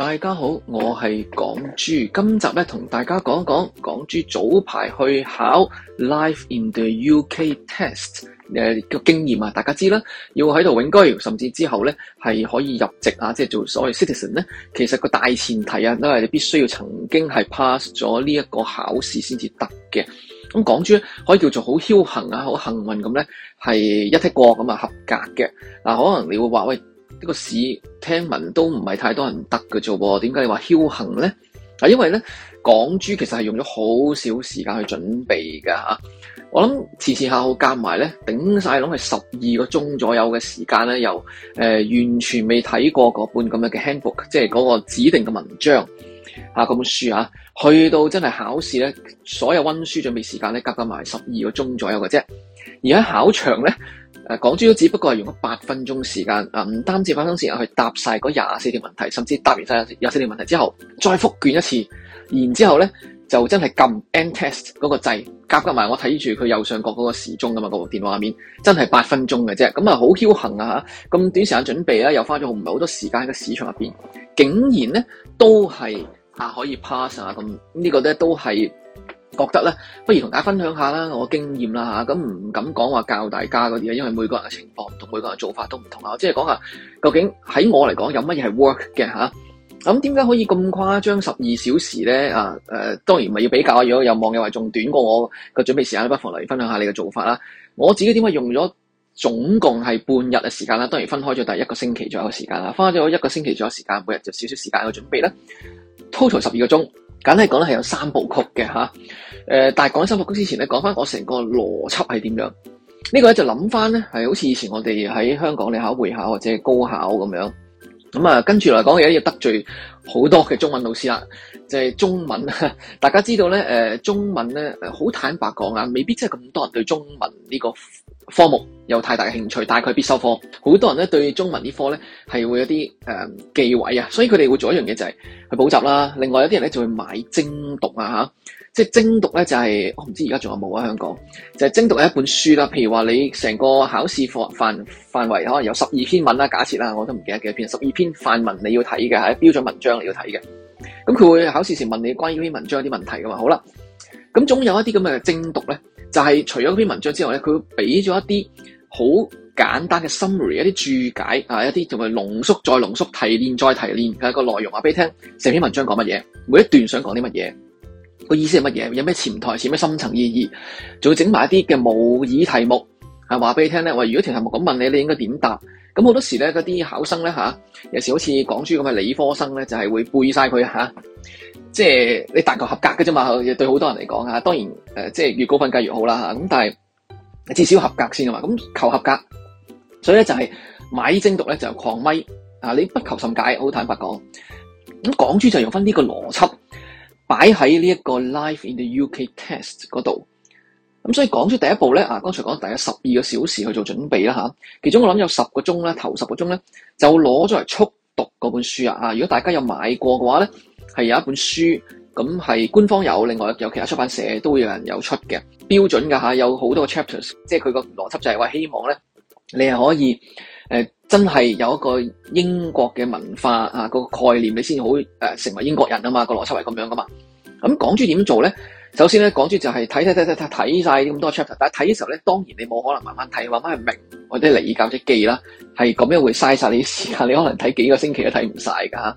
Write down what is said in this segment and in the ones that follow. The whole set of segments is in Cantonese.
大家好，我係港豬。今集咧同大家講講港豬早排去考 Life in the UK Test 誒、呃、個經驗啊，大家知啦，要喺度永居，甚至之後咧係可以入籍啊，即係做所謂 citizen 咧。其實個大前提啊，都係你必須要曾經係 pass 咗呢一個考試先至得嘅。咁港豬咧可以叫做好僥倖啊，好幸運咁咧係一剔過咁啊合格嘅。嗱、啊，可能你會話喂。呢個試聽聞都唔係太多人得嘅啫喎，點解你話僥倖咧？啊，因為咧港豬其實係用咗好少時間去準備嘅嚇。我諗時時下下夾埋咧，頂晒籠係十二個鐘左右嘅時間咧，又誒、呃、完全未睇過嗰本咁樣嘅 handbook，即係嗰個指定嘅文章嚇，嗰本書嚇、啊，去到真係考試咧，所有溫書準備時間咧夾夾埋十二個鐘左右嘅啫，而喺考場咧。講真都只不過係用咗八分鐘時間，啊唔單止八分鐘時間去答晒嗰廿四條問題，甚至答完晒廿四條問題之後，再復卷一次，然之後咧就真係撳 end test 嗰個掣，夾夾埋我睇住佢右上角嗰個時鐘㗎嘛、個電話面，真係八分鐘嘅啫，咁啊好僥倖啊嚇，咁短時間準備咧又花咗唔係好多時間喺個市場入邊竟然咧都係啊可以 pass 啊咁，這個、呢個咧都係。覺得咧，不如同大家分享下啦，我經驗啦吓，咁唔敢講話教大家嗰啲啊，因為每個人嘅情況同每個人做法都唔同啊。我只係講下究竟喺我嚟講有乜嘢係 work 嘅吓，咁點解可以咁誇張十二小時咧？啊、呃、當然唔係要比較，如果有網友話仲短過我個準備時間咧，不妨嚟分享下你嘅做法啦。我自己點解用咗總共係半日嘅時間啦？當然分開咗，第一個星期左右嘅時間啦，花咗一個星期左右時間，每日就少少時間去準備咧，total 十二個鐘。簡單嚟講咧係有三部曲嘅嚇，誒，但係講三部曲之前咧，講翻我成個邏輯係點樣？呢個咧就諗翻咧係好似以前我哋喺香港你考會考或者高考咁樣，咁啊，跟住嚟講而家要得罪好多嘅中文老師啦，就係中文大家知道咧，誒，中文咧誒好坦白講啊，未必真係咁多人對中文呢個。科目有太大嘅興趣，大概必修科，好多人咧對中文呢科咧係會有啲誒、呃、忌諱啊，所以佢哋會做一樣嘢就係去補習啦。另外有啲人咧就會買精讀啊吓、啊，即係精讀咧就係、是、我唔知而家仲有冇啊。香港，就係、是、精讀係一本書啦。譬如話你成個考試範範圍可能有十二篇文啦，假設啦，我都唔記得幾多篇，十二篇範文你要睇嘅係標準文章你要睇嘅，咁佢會考試時問你關於呢篇文章啲問題噶嘛。好啦，咁總有一啲咁嘅精讀咧。就係除咗篇文章之外咧，佢會俾咗一啲好簡單嘅 summary，一啲注解啊，一啲同埋濃縮再濃縮、提煉再提煉嘅個內容啊，話俾你聽成篇文章講乜嘢，每一段想講啲乜嘢，個意思係乜嘢，有咩潛台詞、咩深層意義，仲要整埋一啲嘅模擬題目，係話俾你聽咧。話如果條題目咁問你，你應該點答？咁好多時咧，嗰啲考生咧嚇，有時好似講書咁嘅理科生咧，就係、是、會背晒佢嚇。即係你只求合格嘅啫嘛，對好多人嚟講啊，當然、呃、即係越高分計越好啦嚇。咁但係至少合格先啊嘛。咁求合格，所以咧就係買精讀咧就係狂咪啊！你不求甚解，好坦白講。咁港豬就用翻呢個邏輯擺喺呢一個 Life in the UK Test 嗰度。咁、嗯、所以港豬第一步咧啊，剛才講大約十二個小時去做準備啦嚇。其中我諗有十個鐘啦，頭十個鐘咧就攞咗嚟速讀嗰本書啊，如果大家有買過嘅話咧。係有一本書，咁係官方有，另外有其他出版社都會有人有出嘅標準㗎嚇，有好多個 chapters，即係佢個邏輯就係話希望咧，你係可以、呃、真係有一個英國嘅文化嚇、啊嗰個概念你，你先好成為英國人啊嘛，個邏輯係咁樣噶嘛。咁講住點做咧？首先咧，講住就係睇睇睇睇睇晒咁多 chapter，但係睇嘅時候咧，當然你冇可能慢慢睇，慢慢係明或者理解或者記啦，係咁樣會嘥晒你時間，你可能睇幾個星期都睇唔晒㗎。啊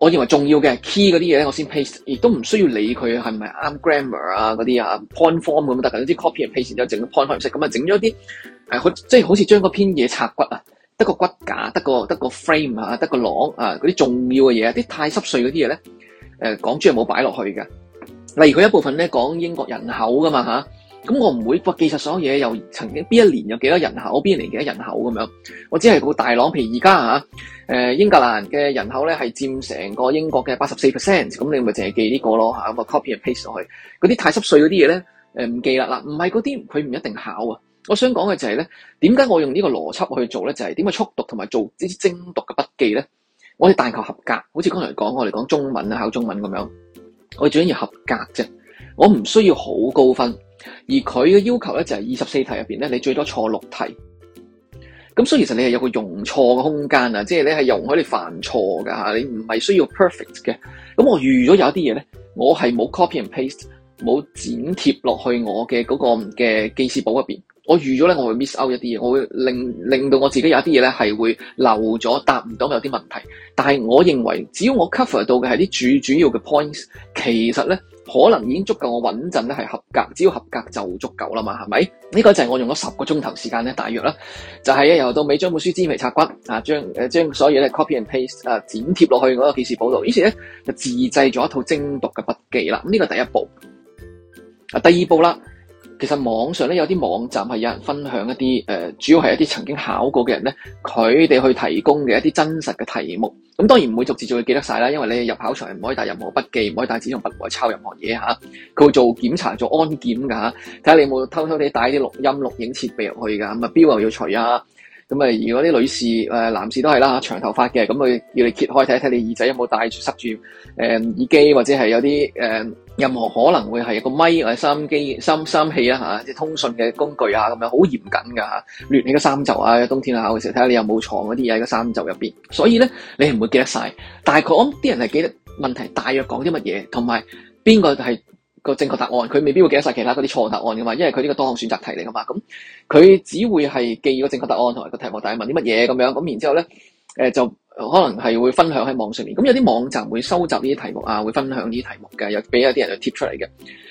我認為重要嘅 key 嗰啲嘢咧，我先 paste，亦都唔需要理佢係唔係啱 grammar 啊嗰啲啊，point form 咁得噶，有、就、啲、是、copy 嚟 paste 就整 point form 唔識咁啊整咗啲好即係好似將嗰篇嘢拆骨啊，得個骨架，得個得個 frame 啊，得個籠啊，嗰啲重要嘅嘢，啲太濕碎嗰啲嘢咧，講講係冇擺落去嘅。例如佢一部分咧講英國人口噶嘛、啊咁我唔會話記實所有嘢，又曾經邊一年有幾多人口，邊一年幾多人口咁樣。我只係個大朗，譬如而家嚇，誒英格蘭嘅人口咧係佔成個英國嘅八十四 percent。咁你咪淨係記呢個咯嚇，咁 copy and paste 落去，嗰啲太濕碎嗰啲嘢咧，誒、嗯、唔記啦嗱，唔係嗰啲佢唔一定考啊。我想講嘅就係、是、咧，點解我用呢個邏輯去做咧？就係點解速讀同埋做呢啲精讀嘅筆記咧。我哋但求合格，好似剛才講我哋講中文啊，考中文咁樣，我哋最緊要合格啫。我唔需要好高分。而佢嘅要求咧就係二十四題入邊咧，你最多錯六題，咁所以其實你係有個容錯嘅空間啊，即係你係容許你犯錯噶吓，你唔係需要 perfect 嘅。咁我預咗有一啲嘢咧，我係冇 copy and paste，冇剪貼落去我嘅嗰個嘅記事簿入邊。我預咗咧，我會 miss out 一啲嘢，我會令令到我自己有一啲嘢咧係會漏咗答唔到有啲問題。但係我認為，只要我 cover 到嘅係啲主主要嘅 points，其實咧可能已經足夠我穩陣咧係合格。只要合格就足夠啦嘛，係咪？呢、呢個就係我用咗十個鐘頭時，時間咧，大約啦，就係、係、由到尾將本書字眉拆骨啊，將將，將所有咧 copy and paste 啊剪貼落去嗰個記事簿度。於是咧就自製咗一套精讀嘅筆記啦。呢個第一步，啊第二步啦。其實網上咧有啲網站係有人分享一啲誒、呃，主要係一啲曾經考過嘅人咧，佢哋去提供嘅一啲真實嘅題目。咁當然唔會逐字逐句記得晒啦，因為你入考場唔可以帶任何筆記，唔可以帶紙用筆嚟抄任何嘢嚇。佢、啊、會做檢查、做安檢㗎，睇下你有冇偷偷哋帶啲錄音、錄影設備入去㗎。咁啊錶又要除啊。咁啊，如果啲女士、呃、男士都係啦，長頭髮嘅咁佢要你揭開睇一睇，看看你耳仔有冇帶塞住、呃、耳機或者係有啲任何可能會係個咪，或者收音機、收收器啦嚇，即係、啊、通訊嘅工具啊咁樣，好嚴謹㗎嚇。攣你個衫袖啊，冬天啊嘅時候，睇下你有冇床嗰啲嘢喺個衫袖入邊。所以咧，你係唔會記得晒。但係講啲人係記得問題大約講啲乜嘢，同埋邊個係個正確答案，佢未必會記得晒其他嗰啲錯答案㗎嘛，因為佢呢個多項選擇題嚟㗎嘛。咁、啊、佢只會係記嗰正確答案同埋個題目底問啲乜嘢咁樣。咁然後之後咧，誒、呃、就。可能係會分享喺網上面，咁有啲網站會收集呢啲題目啊，會分享呢啲題目嘅，又俾一啲人又貼出嚟嘅。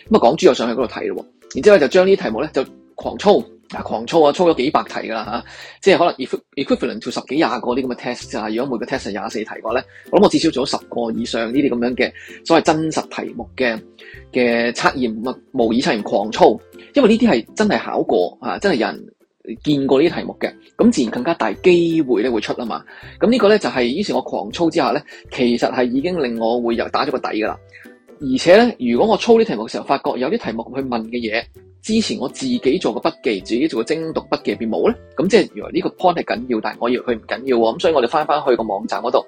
咁啊，港豬又上去嗰度睇咯喎，然之後就將呢啲題目咧就狂操啊，狂操啊，操咗幾百題噶啦嚇，即係可能 equivalent to 十幾廿個啲咁嘅 test 啊。如果每個 test 係廿四題嘅話咧，我諗我至少做咗十個以上呢啲咁樣嘅所謂真實題目嘅嘅測驗啊，模擬測驗狂操，因為呢啲係真係考過啊，真係人。見過呢啲題目嘅，咁自然更加大機會咧會出啦嘛。咁呢個呢，就係於是，我狂操之下呢，其實係已經令我會又打咗個底噶啦。而且呢，如果我操呢啲題目嘅時候，發覺有啲題目去問嘅嘢，之前我自己做個筆記，自己做個精讀筆記，入邊冇呢。咁即係原來呢個 point 係緊要，但係我以為要佢唔緊要喎。咁所以我哋翻翻去個網站嗰度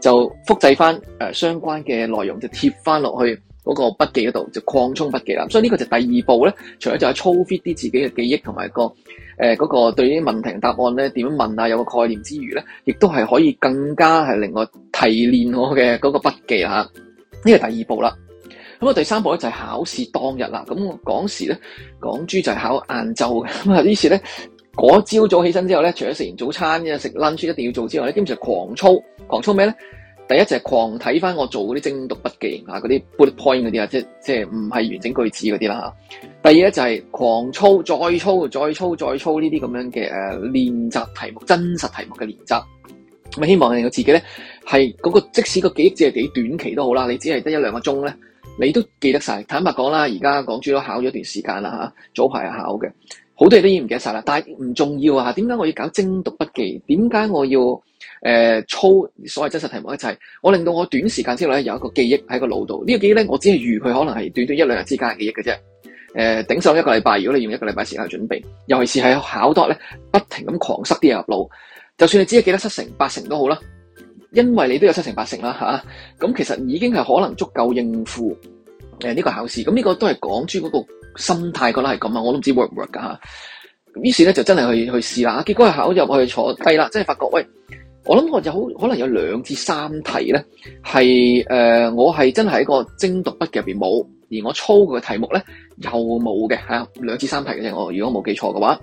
就複製翻、呃、相關嘅內容，就貼翻落去，嗰個筆記嗰度就擴充筆記啦，所以呢個就第二步咧，除咗就係操 fit 啲自己嘅記憶同埋、嗰個誒嗰、呃嗰個對啲問題答案咧點樣問啊，有個概念之餘咧，亦都係可以更加係令我提煉我嘅嗰個筆記嚇，呢個第二步啦。咁啊第三步咧就係、是、考試當日啦。咁講時咧港豬就係考晏晝嘅，咁啊於是咧嗰朝早起身之後咧，除咗食完早餐嘅食 lunch 一定要做之外咧，基本上狂操狂操咩咧？第一隻、就係、狂睇翻我做嗰啲精讀筆記啊，嗰啲 bullet point 嗰啲啊，即即係唔係完整句子嗰啲啦嚇。第二咧就係、係、狂操，再操，再操，再操呢啲咁樣嘅、呃、練習題目、真實題目嘅練習。咁希望我自己咧係嗰個，即使個記憶只係幾短期都好啦，你只係得一兩個鐘咧，你都記得晒。坦白講啦，而家港豬都考咗一段時間啦嚇，早排就考嘅。好多嘢都已經唔記得晒啦，但係唔重要啊！點解我要搞精讀筆記？點解我要誒、呃、操所謂真實題目一齊？就是、我令到我短時間之內呢，有一個記憶喺個腦度。呢、呢個記憶呢，我只係預佢可能係短短一兩日之間嘅記憶嘅啫。誒、呃，頂上一個禮拜，如果你用一個禮拜時間去準備，尤其是喺考多咧，不停咁狂塞啲嘢入腦，就算你只係記得七成八成都好啦，因為你都有七成八成啦咁、啊、其實已經係可能足夠應付呢、呃呢個考試。咁呢個都係講出嗰、那個。心態覺得係咁啊，我都唔知 work 唔 work 噶嚇。於是咧就真係去去試啦，結果考入去坐低啦，真係發覺喂，我諗我有可能有兩至三題咧係誒，我係真係喺一個精讀筆記入邊冇，而我操過嘅題目咧又冇嘅嚇，兩至三題嘅啫，我如果冇記錯嘅話，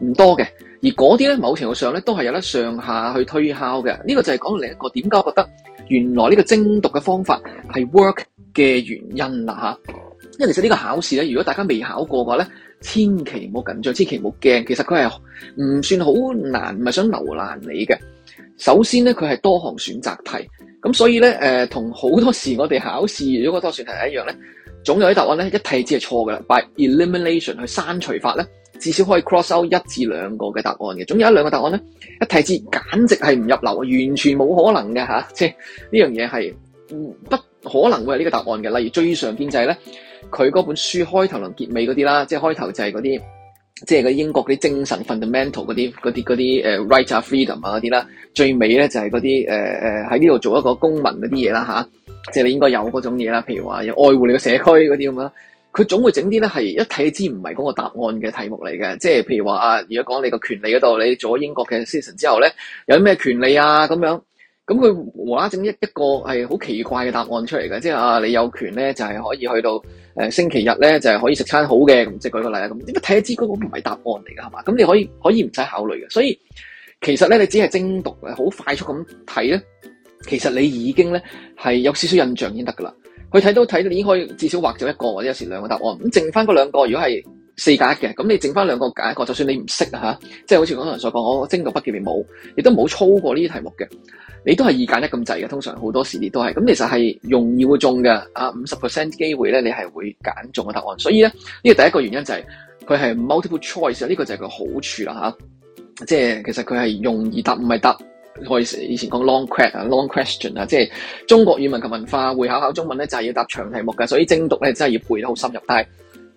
唔多嘅。而嗰啲咧某程度上咧都係有得上下去推敲嘅。呢個就係講另一個點解我覺得原來呢個精讀嘅方法係 work 嘅原因啦嚇。因為其實呢個考試咧，如果大家未考過嘅話咧，千祈唔好緊張，千祈唔好驚。其實佢係唔算好難，唔係想留難你嘅。首先咧，佢係多項選擇題，咁所以咧，誒、呃，同好多時我哋考試如果多選題一樣咧，總有一答案咧，一題字係錯嘅啦，by elimination 去刪除法咧，至少可以 cross out 一至兩個嘅答案嘅。總有一兩個答案咧，一題字簡直係唔入流，完全冇可能嘅吓，即係呢樣嘢係不可能會係呢個答案嘅。例如最常見就係咧。佢嗰本書開頭能結尾嗰啲啦，即係開頭就係嗰啲，即係個英國啲精神 fundamental 嗰啲嗰啲嗰啲 rights 啊 freedom 啊嗰啲啦，最尾咧就係嗰啲誒喺呢度做一個公民嗰啲嘢啦吓，即係你應該有嗰種嘢啦，譬如話愛護你個社區嗰啲咁樣，佢總會整啲咧係一睇知唔係嗰個答案嘅題目嚟嘅，即係譬如話啊，如果講你個權利嗰度，你做咗英國嘅 citizen 之後咧，有咩權利啊咁樣？咁佢無啦啦整一一個係好奇怪嘅答案出嚟嘅，即係啊，你有權咧就係可以去到。誒星期日咧就係可以食餐好嘅，咁即係舉個例啦。咁點解睇一知嗰個唔係答案嚟㗎？係嘛？咁你可以可以唔使考慮嘅。所以其實咧，你只係精讀，好快速咁睇咧，其實你已經咧係有少少印象已經得㗎啦。佢睇到睇到，你已經可以至少畫咗一個或者有時兩個答案。咁剩翻嗰兩個，如果係，四揀一嘅，咁你剩翻兩個揀一個，就算你唔識吓，即係好似講個人所講，我精讀筆記你冇，亦都冇操過呢啲題目嘅，你都係二揀一咁滯嘅，通常好多時呢都係，咁其實係容易會中嘅，啊五十 percent 機會咧，你係會揀中嘅答案，所以咧呢、這個第一個原因就係、是、佢係 multiple choice，呢個就係個好處啦吓、啊，即係其實佢係容易答，唔係答，我以前講 long crack 啊，long question 啊，即係中國語文及文化會考考中文咧，就係、是、要答長題目嘅，所以精讀咧真係要背得好深入，但係。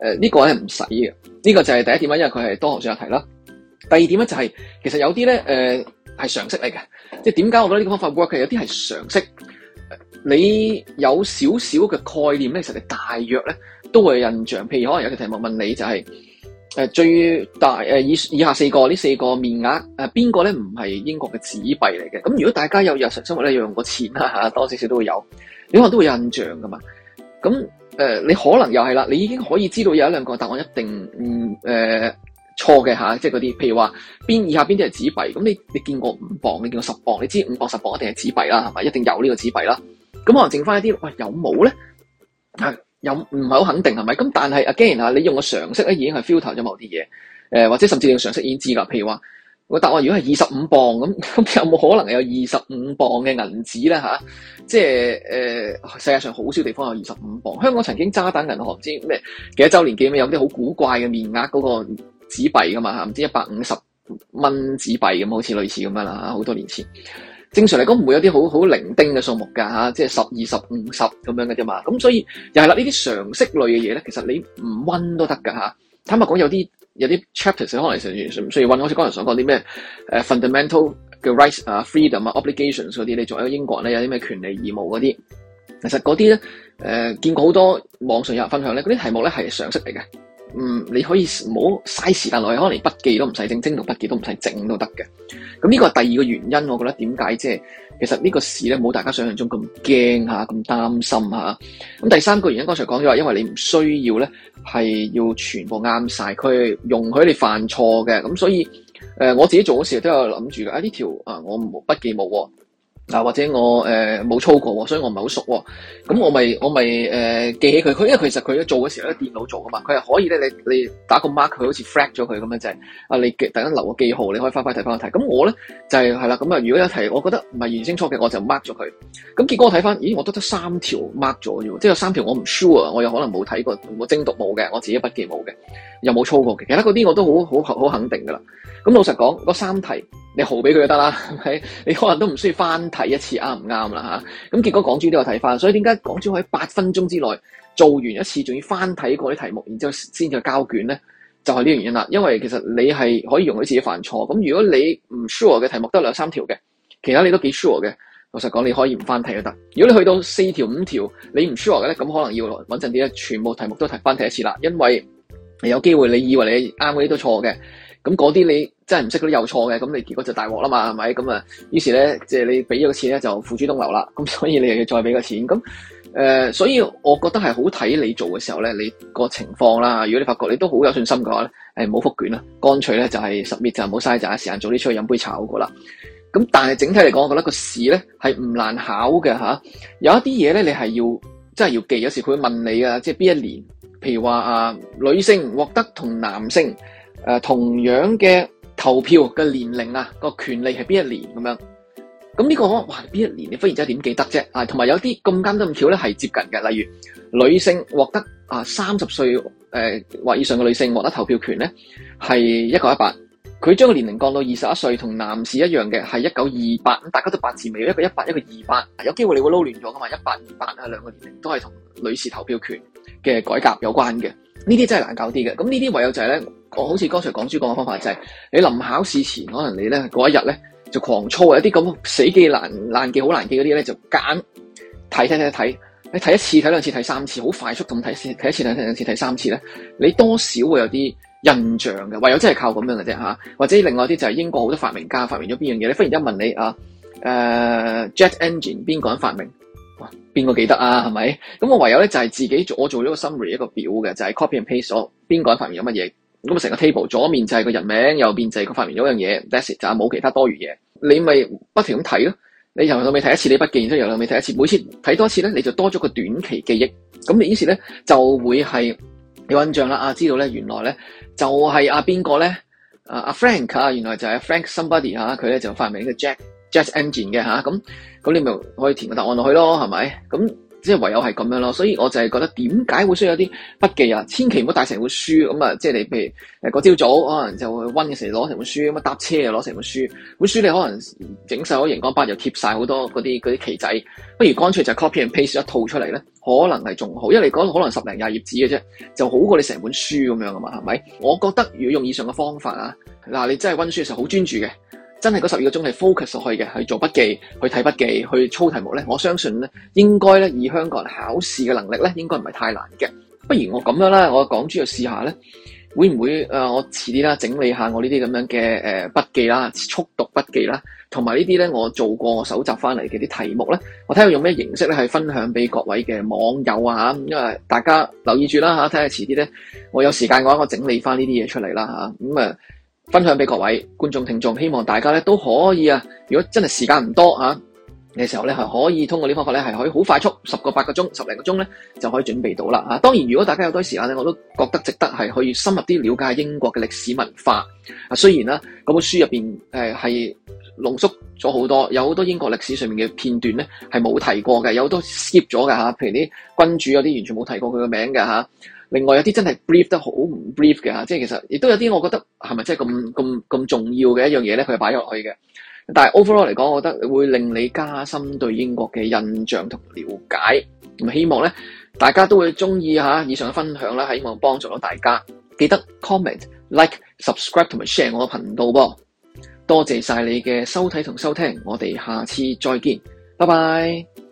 誒呢個咧唔使嘅，呢、這個就係第一點啦，因為佢係多項上題啦。第二點咧就係、是、其實有啲咧誒係常識嚟嘅，即係點解我覺得呢個方法 work 嘅？有啲係常識，你有少少嘅概念咧，其實你大約咧都會有印象。譬如可能有隻題目問你就係、是、誒、呃、最大誒以、呃、以下四個呢四個面額誒邊個咧唔係英國嘅紙幣嚟嘅？咁如果大家有日常生活咧要用過錢啦、啊、嚇，多少少都會有，你可能都會有印象噶嘛。咁誒、呃，你可能又係啦，你已經可以知道有一兩個答案一定唔誒錯嘅吓，即係嗰啲，譬如話邊以下邊啲係紙幣，咁你你見過五磅，你見過十磅，你知五磅十磅一定係紙幣啦，係咪？一定有呢個紙幣啦。咁可能剩翻一啲，喂、哎，有冇咧、啊？有，唔係好肯定係咪？咁但係 again、啊、你用個常識咧已經係 filter 咗某啲嘢，誒、呃、或者甚至你用常識已經知啦，譬如話。我答話，如果係二十五磅咁，咁有冇可能有二十五磅嘅銀紙咧？吓，即係誒，世界上好少地方有二十五磅。香港曾經渣打銀行知咩幾多周年紀念有啲好古怪嘅面額嗰個紙幣噶嘛吓，唔知一百五十蚊紙幣咁，好似類似咁樣啦。好多年前，正常嚟講唔會有啲好好零丁嘅數目噶吓，即係十、二十、五十咁樣嘅啫嘛。咁所以又係啦，呢啲常識類嘅嘢咧，其實你唔溫都得噶吓。坦白講，有啲。有啲 chapters，可能成，所以運好似剛才想講啲咩、啊，fundamental 嘅 rights 啊、freedom 啊、obligations 嗰啲，你作為一個英國人呢，咧，有啲咩權利義務嗰啲，其實嗰啲咧，誒、呃、見過好多網上有人分享咧，嗰啲題目咧係常識嚟嘅，嗯，你可以唔好嘥時間落去，可能你筆記都唔使整，精讀筆記都唔使整都得嘅，咁呢個係第二個原因，我覺得點解即係。其實呢個事咧冇大家想象中咁驚嚇，咁擔心吓。咁第三個原因剛才講咗話，因為你唔需要咧係要全部啱晒，佢容許你犯錯嘅。咁所以誒、呃，我自己做嗰時都有諗住啊呢條啊，我唔，唔記冇、啊。或者我誒冇、呃、操過，所以我唔係好熟喎。咁我咪我咪誒、呃、記起佢，佢因為其實佢做嘅時候咧，電腦做㗎嘛，佢係可以咧，你你打個 mark，佢好似 flag 咗佢咁樣就係、是、啊，你記，突然間留個記號，你可以翻翻睇翻睇。咁我咧就係係啦。咁啊，如果有題，我覺得唔係原聲操嘅，我就 mark 咗佢。咁結果我睇翻，咦，我得得三條 mark 咗啫喎，即係有三條我唔 sure 啊，我有可能冇睇過，我精讀冇嘅，我自己筆記冇嘅，又冇操過嘅。其他嗰啲我都好好好肯定嘅啦。咁老實講，嗰三題你豪俾佢就得啦，係咪？你可能都唔需要翻睇一次，啱唔啱啦吓？咁結果港豬都有睇翻，所以點解港豬可以八分鐘之內做完一次，仲要翻睇過啲題目，然之後先至交卷咧？就係呢個原因啦。因為其實你係可以容許自己犯錯。咁如果你唔 sure 嘅題目得兩三條嘅，其他你都幾 sure 嘅，老實講你可以唔翻睇都得。如果你去到四條五條，你唔 sure 嘅咧，咁可能要穩陣啲全部題目都睇翻睇一次啦。因為有機會你以為你啱嗰啲都錯嘅。咁嗰啲你真係唔識啲有錯嘅，咁你結果就大鑊啦嘛，係咪？咁啊，於是咧，即係你俾咗個錢咧，就付諸東流啦。咁所以你又要再俾個錢。咁誒、呃，所以我覺得係好睇你做嘅時候咧，你個情況啦。如果你發覺你都好有信心嘅話咧，誒、欸，唔好覆卷啦，乾脆咧就係十月，就唔好嘥曬時間，早啲出去飲杯茶好過啦。咁但係整體嚟講，我覺得個試咧係唔難考嘅吓，有一啲嘢咧，你係要真係要記。有時佢會問你啊，即係邊一年？譬如話啊、呃，女性獲得同男性。誒同樣嘅投票嘅年齡啊，個權利係邊一年咁樣？咁呢、這個可能話邊一年？你忽然之間點記得啫？啊，同埋有啲咁啱得咁巧咧，係接近嘅。例如女性獲得啊三十歲誒或以上嘅女性獲得投票權咧，係一九一八。佢將個年齡降到二十一歲，同男士一樣嘅係一九二八。咁大家都八字未？有一個一八，一個二八，有機會你會撈亂咗噶嘛？一八二八係兩個年齡，都係同女士投票權嘅改革有關嘅。呢啲真係難教啲嘅，咁呢啲唯有就係、是、咧，我好似剛才講珠講嘅方法就係、是，你臨考試前可能你咧嗰一日咧就狂操，有啲咁死記難難記好難記嗰啲咧就揀睇睇睇睇，你睇一次睇兩次睇三次，好快速咁睇一睇一次睇兩睇兩次睇三次咧，你多少會有啲印象嘅，唯有真係靠咁樣嘅啫、啊、或者另外啲就係英國好多發明家發明咗邊樣嘢咧，忽然間問你啊、呃、Jet Engine 邊個人發明？邊個記得啊？係咪？咁我唯有咧就係、是、自己做，我做咗個 summary 一個表嘅，就係、是、copy and paste 我邊個人發明咗乜嘢，咁啊成個 table 左面就係個人名，右邊就係佢發明咗樣嘢。That's it 就係冇其他多餘嘢，你咪不停咁睇咯。你由頭到尾睇一次，你筆記，由頭到尾睇一次，每次睇多次咧，你就多咗個短期記憶。咁你於是咧，就會係有印象啦，啊，知道咧原來咧就係阿邊個咧，啊，阿、啊、Frank 啊，原來就係、啊、Frank somebody 吓、啊，佢咧就發明一個 Jack。Just engine 嘅嚇，咁咁你咪可以填個答案落去咯，係咪？咁即係唯有係咁樣咯，所以我就係覺得點解會需要有啲筆記啊？千祈唔好帶成本書咁啊！即係你譬如誒嗰朝早可能就去温嘅時候攞成本書，咁啊搭車又攞成本書。本書你可能整晒好熒光筆，又貼晒好多嗰啲嗰啲旗仔，不如乾脆就 copy and paste 一套出嚟咧，可能係仲好，因為你嗰可能十零廿頁紙嘅啫，就好過你成本書咁樣啊嘛，係咪？我覺得如果用以上嘅方法啊，嗱你真係温書嘅時候好專注嘅。真係嗰十二個鐘係 focus 落去嘅，去做筆記，去睇筆記，去操題目呢。我相信呢，應該呢，以香港人考試嘅能力呢，應該唔係太難嘅。不如我咁樣啦，我講豬去試下呢，會唔會、呃、我遲啲啦，整理下我呢啲咁樣嘅筆記啦，速讀筆記啦，同埋呢啲呢，我做過搜集翻嚟嘅啲題目呢，我睇下用咩形式呢係分享俾各位嘅網友啊嚇，因為大家留意住啦嚇，睇下遲啲呢，我有時間嘅話，我整理翻呢啲嘢出嚟啦嚇，咁啊～、嗯分享俾各位觀眾聽眾，希望大家咧都可以啊！如果真係時間唔多啊嘅時候咧，係可以通過呢個方法咧，係可以好快速十個八個鐘、十零個鐘咧，就可以準備到啦嚇、啊。當然，如果大家有多啲時間咧，我都覺得值得係去深入啲了解下英國嘅歷史文化啊。雖然啦，嗰本書入邊誒係濃縮咗好多，有好多英國歷史上面嘅片段咧係冇提過嘅，有好多 skip 咗嘅嚇。譬如啲君主有啲完全冇提過佢嘅名嘅嚇。啊另外有啲真係 brief 得好唔 brief 嘅嚇，即係其實亦都有啲我覺得係咪真係咁咁咁重要嘅一樣嘢咧，佢擺咗落去嘅。但係 overall 嚟講，我覺得會令你加深對英國嘅印象同了解。咁希望咧，大家都會中意嚇以上嘅分享啦，希望幫助到大家。記得 comment、like、subscribe 同埋 share 我嘅頻道噃。多謝晒你嘅收睇同收聽，我哋下次再見，拜拜。